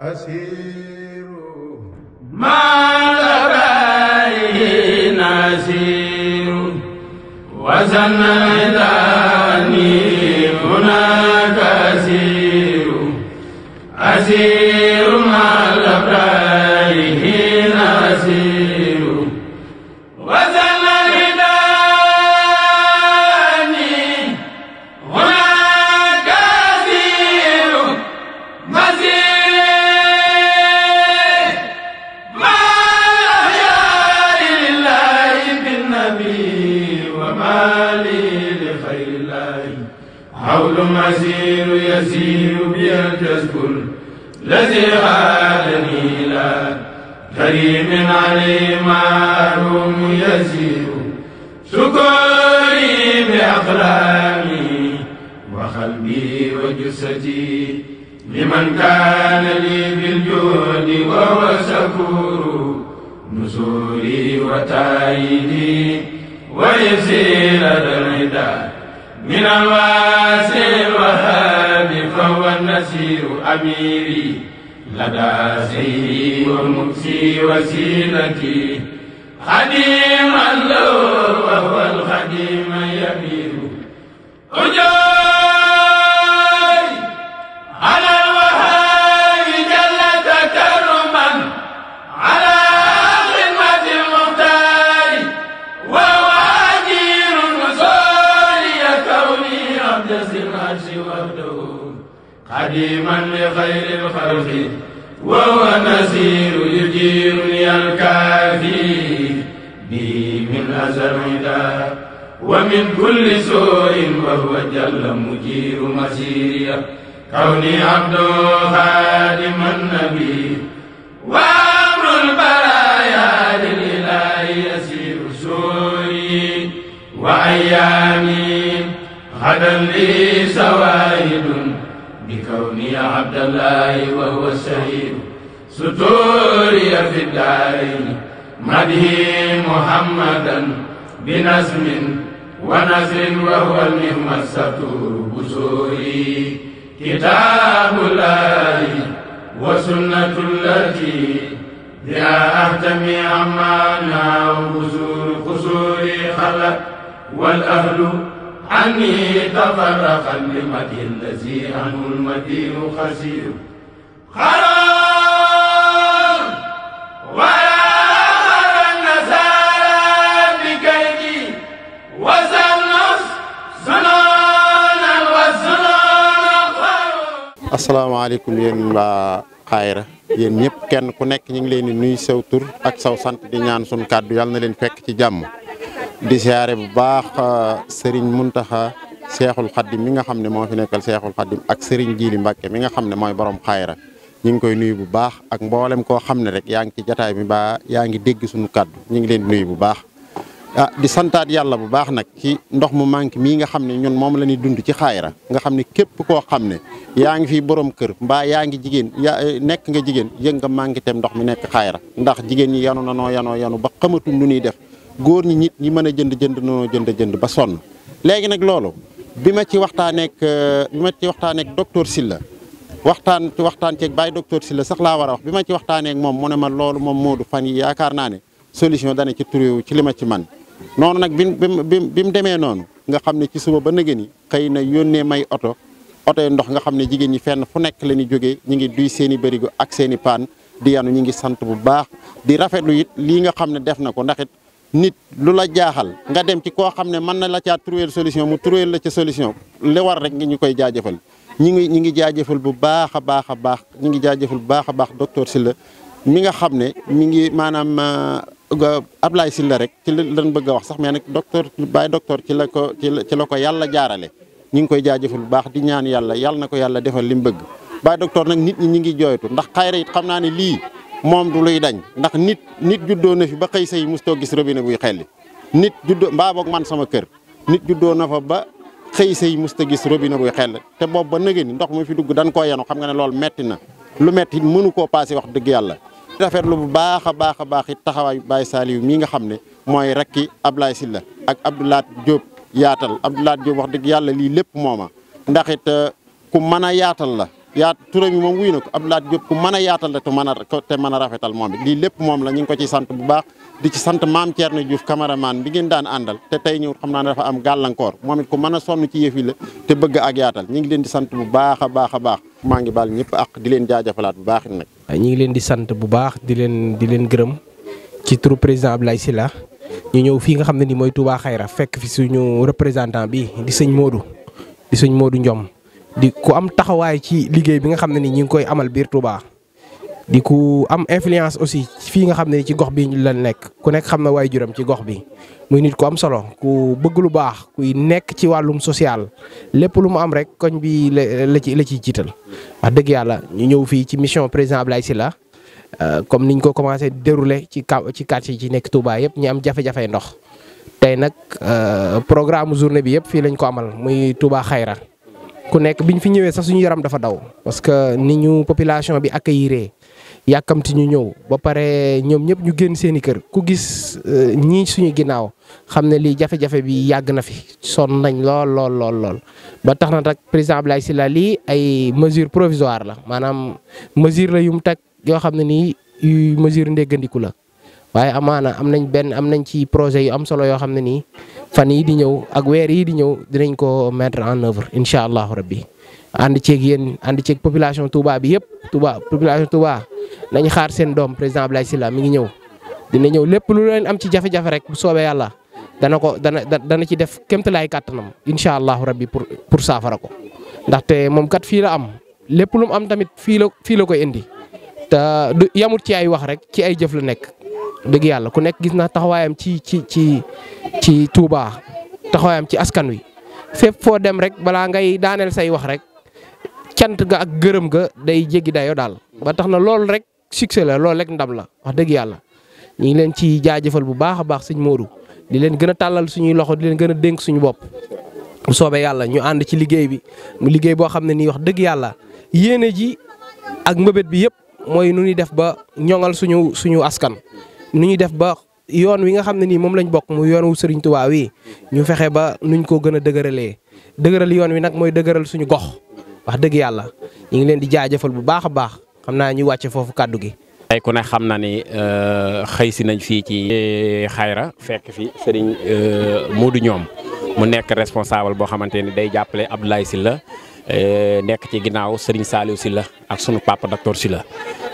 asiru malabari nasiru wasanna الذي غالني لا كريم علي معلوم يزيد شكري بأقلامي وقلبي وجسدي لمن كان لي بالجود وهو شكور نزولي وتأييدي ويسير الرداء من الواسع الوهاب فهو النسير أميري لدى سيري ومكسي وسيرتي خديم الله وهو الخديم يمير أجاب قديما لخير الخلق وهو نسير يجيرني الكافي بي من أزل إذا ومن كل سوء وهو جل مجير مسيري كوني عبد خادم النبي وأمر البرايا للإله يسير سوري وأيامي غدا لي سوائد بكوني عبد الله وهو الشهيد ستوري في الدارين مدهي محمدا بنزم ونزل وهو المهم الستور بشوري كتاب الله وسنة التي بها أهتمي عمانا وبزور قصور خلق والأهل عني تفرقا لمدي الذي عنه المدين خسير خرار ولا غر النسارى بكيدي وسنص سنانا وسنانا السلام عليكم يا الله xayra yéen ñëpp kenn ku nekk ñu ngi leen di nuyu sew tur ak saw sant di ñaan suñu kàddu yàlla na leen fekk ci jàmm di siyaare bu baax uh, Serigne Mountakha Cheikhul Khadim mi nga xam ne moo fi nekkal Cheikhul Khadim ak Serigne Jili Mbacke mi nga xam ne mooy borom xayra ñu ngi koy nuyu bu baax ak mboolem koo xam ne rek yaa ngi ci jataay bi ba yaa ngi dégg suñu kàddu ñu ngi leen nuyu bu baax. ah di santaat yàlla bu baax nag ci ndox mu manqué mii nga xam ne ñun moom la ñuy dund ci xaayra nga xam ne képp koo xam ne yaa ngi fi borom kër mbaa yaa ngi jigéen ya eh, nekk nga jigéen yëg nga manqué tem ndox mi nekk xaayra ndax jigéen ñi yanu na noo yanoo yanu ba xamatuñ lu ñuy def góor ñi nit ñi mën a jënd jënd noo jënd jënd ba sonn léegi nag loolu bi ma ci waxtaaneek euh, bi ma ci waxtaaneek docteur Sylla waxtaan ci waxtaan ceeg baay docteur Sylla sax laa war a wax bi ma ci waxtaaneek moom mu ne ma loolu moom Modou fan yaakaar naa ne solution dana ci turéwu ci li ma ci man noonu nag bi bi mu demee noonu nga xam ne ci suba ba nëgë ni xëy na yónnee may oto oto ndox nga xam ne jigéen ñi fenn fu nekk la ñu jógee ñu ngi duy seeni i ak seeni paan di yanu ñu ngi sant bu baax di rafetlu it lii nga xam ne def na ko ndax nit lu la jaaxal nga dem ci koo xam ne man na la caa trouver solution mu trouver la ca solution li war rek ngi ñu koy jaajafal ñi ngi ñi ngi jaajëfal bu baax a baax a baax ñi ngi jaajëfal bu baax a baax docteur Sylla mi nga xam ne mi ngi maanaam euh, euh, Ablaye Sylla rek ci lan bëgg wax sax mais nag docteur Baye docteur ci la ko ci la ko yàlla jaarale ñi ngi koy jaajëfal bu baax di ñaan yàlla yàlla na ko yàlla defal li mu bëgg Baye docteur nag nit ñi ñi ngi jooytu ndax xayra it xam naa ne lii moom du luy dañ ndax nit nit juddoo na fi ba xëy say mustoo gis robinet buy xelli nit juddoo mbaa boog man sama kër nit juddoo na fa ba xëy say musta gis robinet buy xell te boobu ba nëgë ni ndox mu fi dugg dan koo yenu xam nga ne loolu metti na lu metti mënu ko paase wax dëgg yàlla rafetlu bu baax a baax a baax it taxawaayu Baye Saliou mi nga xam ne mooy rakki Ablaye Sylla ak Abdoulaat Diop yaatal Abdoulaat Diop wax dëgg yàlla lii lépp mooma ndax it ku mën a yaatal la yaat turam yi moom wuy na ko Abdoulaye Diop ku mën a yaatal la te mën a te mën a rafetal moom it lii lépp moom la ñu ngi ko ci sant bu baax di ci sant maam Thierno Diouf cameraman bi ngeen daan àndal te tey ñëw xam naa ne dafa am gàllankoor moom it ku mën a sonn ci yëf la te bëgg ak yaatal ñu ngi leen di sant bu baax a baax a baax maa ngi baal ñëpp ak di leen jaajëfalaat bu baax it ñu ngi leen di sant bu baax di leen di leen gërëm ci turu président Abdoulaye Sylla ñu ñëw fii nga xam ne nii mooy Touba Khayra fekk fi suñu représentant bi di sëñ moodu di sëñ moodu Ndiom di ku am taxawaay ci liggéey bi nga xam ne ni ñi ngi koy amal biir Touba di ku am influence aussi fii nga xam ne ci gox bi ñu la nekk ku nekk xam na waay juram ci gox bi muy nit ku am solo ku bëgg lu baax kuy nekk ci wàllum social lépp lu mu am rek koñ bi la ci la ciy jiital. wax dëgg yàlla ñu ñëw fii ci mission président Ablaye Sylla euh, comme ñu ko commencé déroulé ci kaw ci quartier yi ci nekk Touba yëpp ñu am jafe-jafe ndox tey nag euh, programme journée bi yëpp fii lañ ko amal muy Touba Xayra. ku nekk bi ñu fi ñëwee sax suñu yaram dafa daw parce que ni ñu population bi accueillir yàkkamti ñu ñëw ba pare ñoom ñëpp ñu génn seen i kër ku gis euh, ñii suñu ginnaaw xam ne lii jafe-jafe bi yàgg na fi sonn nañ lool lool lool lool. ba tax na nag président si la lii ay mesure provisoire la maanaam mesure la yu mu teg yoo xam ne nii mesure ndéggandiku la. waaye amaana am nañ benn am nañ ci projet yu am solo yoo xam ne nii fan yii di ñëw ak weer yii di ñëw dinañ ko mettre en œuvre incha allahu rabbi ànd ceeg yéen ànd ceeg population Touba bi yëpp Touba population Touba nañ xaar seen doom président Abdoulaye Sylla mi ngi ñëw. dina ñëw lépp lu leen am ci jafe-jafe rek bu soobee yàlla dana ko dana dana ci def kéemtalaay kàttanam incha allahu rabbi pour pour saafara ko ndaxte moom kat fii la am lépp lu am tamit fii la fii la koy indi te du yamut ci ay wax rek ci ay jëf la nekk. dëgg yàlla ku nekk gis naa taxawaayam ci ci ci ci Touba taxawaayam ci askan wi fépp foo dem rek balaa ngay daaneel say wax rek cant ga ak gërëm ga day jéggi dayoo daal ba tax na loolu rek succès la loolu rek ndam la wax dëgg yàlla ñu ngi leen ci jaajëfal bu baax a baax sëñ Modou di leen gën a tàllal suñuy loxo di leen gën a dénk suñu bopp bu yàlla ñu ànd ci liggéey bi mu liggéey boo xam ne nii wax dëgg yàlla yéene ji ak mbëbét bi yëpp mooy nu ñuy def ba ñoŋal suñu suñu askan nu ñuy def ba yoon wi nga xam ne nii moom lañ bokk mu yoon wu Serigne Touba ñu fexe ba nuñ ko gën a dëgëralee dëgëral yoon wi nag mooy dëgëral suñu gox wax dëgg yàlla ñu ngi leen di jaajëfal bu baax a baax xam naa ñu wàcce foofu kàddu gi. tey ku ne xam na ni euh, xëy si nañ fii ci xayra fekk fi Serigne euh, Modou ñoom mu nekk responsable boo xamante ni day jàppale Abdoulaye Sylla euh, nekk ci ginnaaw Serigne si la ak sunu papa docteur Sylla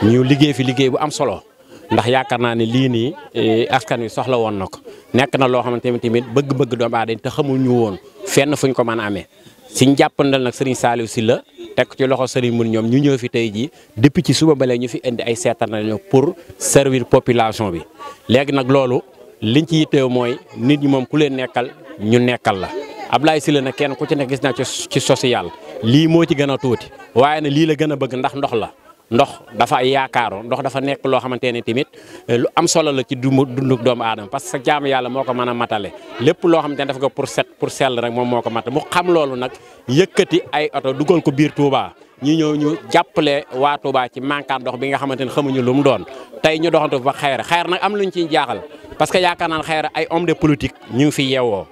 ñu liggéey fi liggéey bu am solo. ndax yaakaar naa ne lii nii eh, askan wi soxla woon na ko nekk na loo xamante ni tamit bëgg-bëgg doomu aadama te xamuñu woon fenn fu ñu ko mën a amee siñ jàppandal nag Serigne si la tekk ci loxo Serigne mun ñoom ñu ñëw fi tey jii depuis ci suba balee ñu fi indi ay seetaan nañu pour servir population bi. léegi nag loolu liñ ci yitteew mooy nit ñi moom ku leen nekkal ñu nekkal la ab laay si Sylla na kenn ku ci ne gis naa ci social lii moo ci gën a tuuti waaye nag lii la gën a bëgg ndax ndox la. ndox dafa yaakaaru ndox dafa nekk loo xamante ne tamit eh, lu am solo la ci dund dunduk doomu aadama parce que jaamu yàlla moo ko mën a matale lépp loo xamante ne dafa ko pour set pour sell rek moom moo ko matal mu xam loolu nag yëkkati ay oto dugal ko biir Touba. ñu ñëw ñu jàppale waa Touba ci manquant ndox bi nga xamante ne xamuñu lu mu doon tey ñu doxantu fa xayra xayra nag am luñ ciy jaaxal parce que yaakaar naan xayra ay homme de politique ñu ngi fi yeewoo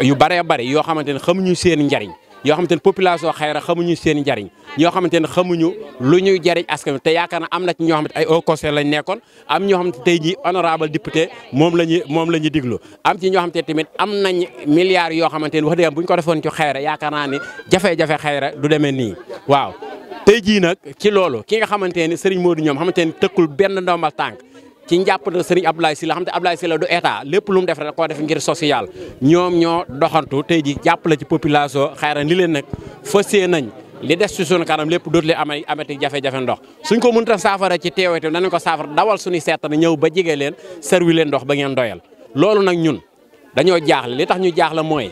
yu bëree bëri yoo xamante ne xamuñu seen njariñ yoo xamante ne population xayra xamuñu seen jariñ yoo xamante ne xamuñu lu ñuy jariñ askan te yaakaar na am na ci ñoo xamante ay au conseil lañ nekkoon am ñoo xamante tey jii honorable député moom la ñu moom la ñu diglu am ci ñoo xamante ne tamit am nañ milliards yoo xamante ne wax dëgg bu ñu ko defoon ci xayra yaakaar naa ne jafe-jafe xayra du demee nii waaw te jii nag ci loolu ki nga xamante ne Serigne Modou ñoom xamante ne tëkkul benn ndombal tànk ci njàppandal sëriñ Abdoulaye Sylla xam te Abdoulaye Sylla du état lépp lu mu def rek koo def ngir social ñoom ñoo doxantu tey ji jàppale ci population xayran li nag fas nañ li des ci suñu kanam lépp dootu le ama amati jafe-jafe ndox suñ ko mënut a saafara ci teewee itam danañ ko saafara dawal suñu seetana ñëw ba jege leen servi leen ndox ba ngeen doyal loolu nag ñun dañoo jaaxle li tax ñu jaaxle mooy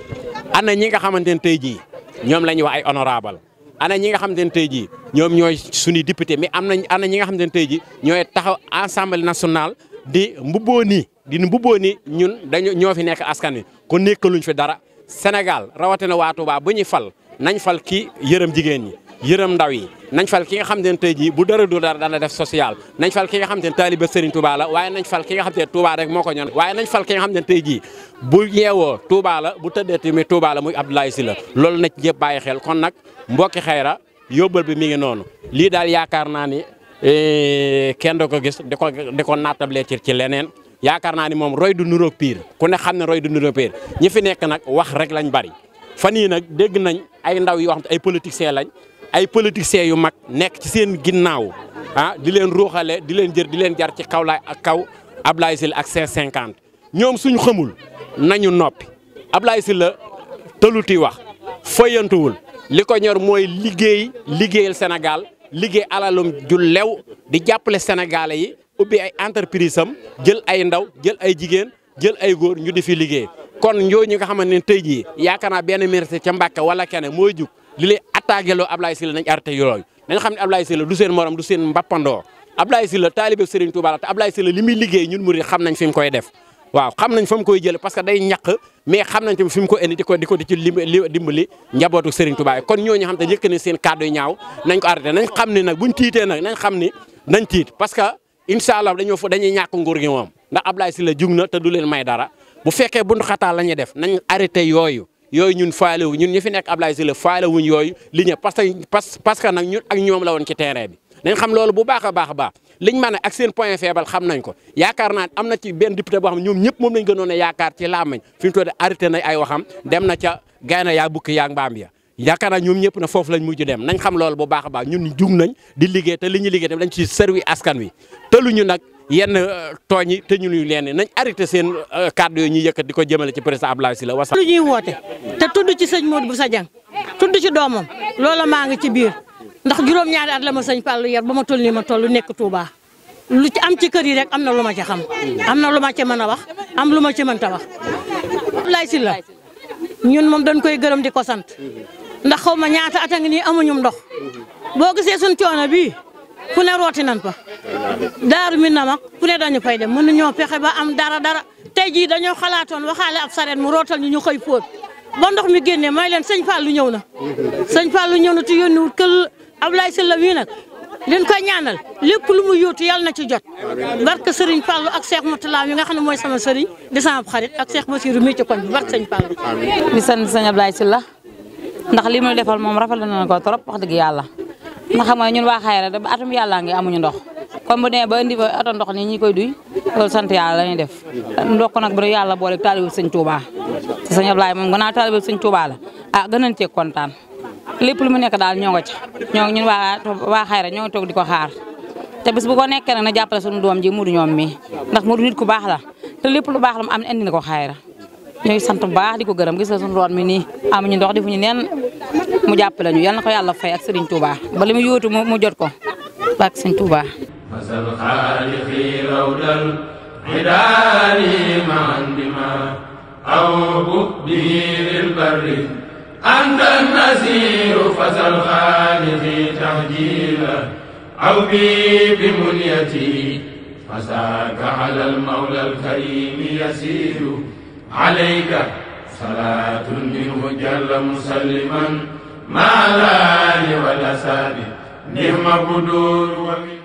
ana ñi nga xamante ne tey jii ñoom la ñuy wax ay honorable ana ñi nga xamante ne tey jii ñoom ñooy suñuy député mais am nañ ana ñi nga xamante ne tey jii ñooy taxaw assemblée nationale di mbubboo nii di mbubboo nii ñun dañu ñoo fi nekk askan wi kon nekkaluñ fi dara Sénégal rawatina waa baa bu ñuy fal nañ fal kii yërëm jigéen ñi yërëm ndaw yi nañ fal ki nga xam ne tey jii bu dara du dara dana def social nañ fal ki nga xam ne taaliba Serigne Touba la waaye nañ fal ki nga xam ne Touba rek moo ko ñor waaye nañ fal ki nga xam ne tey jii bu yeewoo Touba la bu tëddee tamit Touba la muy Abdoulaye Sylla loolu na ci ñëpp bàyyi xel kon nag mbokki xayra yóbbal bi mi ngi noonu lii daal yaakaar naa ni eh, kenn du ko gis di ko di ko naatable ci ci leneen yaakaar naa ni moom roy du nuroog piir ku ne xam ne roy du nuroog piir ñi fi nekk nag wax rek lañ bari fan yii nag dégg nañ ay ndaw yoo xam te ay politiciens lañ ay politiciens yu mag nekk ci seen ginnaaw ah di leen ruuxale di leen jër di leen jar ci kaw ak kaw Ablaye Sylla ak C50 ñoom suñu xamul nañu noppi Ablaye Sylla tëluti wax fëyantuwul li ko ñor mooy liggéey liggéeyal senegal liggéey alalum ju lew di jàppale Sénégalais yi ubbi ay entreprise am jël ay ndaw jël ay jigéen jël ay góor ñu di fi liggéey kon ñooñu nga xamante ne tey jii yaakaar naa benn ministre ca Mbàkke wala keneen mooy jug li attaqué loo Ablaye Sylla nañ arrêté yooyu nañ xam ne Ablaye Sylla du seen morom du seen mbappandoo Ablaye Sylla taalibe Serigne Touba la te Ablaye Sylla muy liggéey ñun murid xam nañ fi mu koy def waaw xam nañ fa mu koy jële parce que day ñàq mais xam nañ tamit fi ko indi di ko di ko di ci dimbali njabootu Serigne Touba yi kon ñooñu xam te yëkk ne seen kàddu ñaaw nañ ko arrêté nañ xam ne nag buñ tiitee nag nañ xam ni nañ tiit parce que incha allah dañoo fa dañuy ñàkk nguur gi moom ndax Ablaye Sylla jug na te du leen may dara bu fekkee bundu xataa la ñuy def nañ arrêté yooyu yooyu ñun faale wu ñun ñu fi nekk Ablaye Sylla faale wuñ yooyu li ñu parce que que nag ñun ak ñoom la woon ci terrain bi dañ xam loolu bu baax a baax a liñ mën a ak seen point faible xam nañ ko yaakaar naa am na ci benn député boo xam ne ñoom ñëpp moom lañ gënoon a yaakaar ci laamañ fi mu toll arrêté nañ ay waxam dem na ca gayna yaa bukki yaa mbaam ya yaakaar naa ñoom ñëpp na foofu lañ mujj dem nañ xam loolu bu baax a baax ñun jug nañ di liggéey te li ñu liggéey tamit dañ ci servi askan wi te luñu yenn euh, tooñ yi te ñu nuyu leen nañ arrêté seen euh, kàddu yooyu ñuy yëkkat di ko jëmale ci président Abdoulaye Sylla wasa. lu ñuy woote te tudd ci sëñ Modou Bousso Dieng tudd ci doomam loola maa ngi ci biir ndax juróom-ñaari at la ma sëñ Fallou yar ba ma toll nii ma toll nekk Touba lu ci am ci kër yi rek am na lu ma ci xam am na lu ma ci mën a wax am lu ma ci mënta wax. Abdoulaye Sylla ñun moom dañ koy gërëm di ko sant ndax xaw ma ñaata at ngi nii amuñu ndox boo gisee suñ coono bii. fu ne rooti nan fa daaru mi nam ak fu ne dañu fay dem ñoo fexe ba am dara dara tey jii dañoo xalaatoon waxaale ab sareet mu rootal ñu ñu koy fóot ba ndox mi génnee may leen sëñ lu ñëw na sëñ Fallou ñëw na te yónniwul kël Ablaye Sylla wii nag leen koy ñaanal lépp lu mu yóotu yàlla na ci jot barke Serigne Fallou ak Cheikh Moutala mi nga xam ne mooy sama sëriñ di sama xarit ak Cheikh Bassirou mi ci koñ bi barke sëñ Fallou di sant sëñ Ablaye Sylla ndax li muy defal moom rafetlu na ko trop wax dëgg yàlla ndax xam nga ñun waa Xayra da atum yàllaa ngi amuñu ndox kon bu demee ba indi ba oto ndox ni ñi koy duy loolu sant yàlla la ñuy def ndox nag bu yàlla boole taalibu sëñ Touba te sëñ Ablaye moom gannaaw la ah, lu mu nekk daal ñoo nga ca ñoo ñun wa waa Xayra ñoo ngi toog di ko xaar te bis bu ko nekkee nag na jàppale suñu doom ji mudu ñoom mi ndax mudu nit ku baax la te lépp lu baax la mu am indi na ko Xayra ñooy sant baax di ko gërëm gis nga suñu doon mi nii amuñu ndox defuñu neen mu jàppale ñu yal na ko yàlla fay ak Serigne Touba ba li mu yóotu mu jot ko ak Serigne Touba. أو بؤدي للبر أنت النسير فسل خالقي تحجيلا أو بي بمنيتي فساك على المولى الكريم يسير عليك صلاة منه جل مسلما ما لا ولساني نعم بدور ومن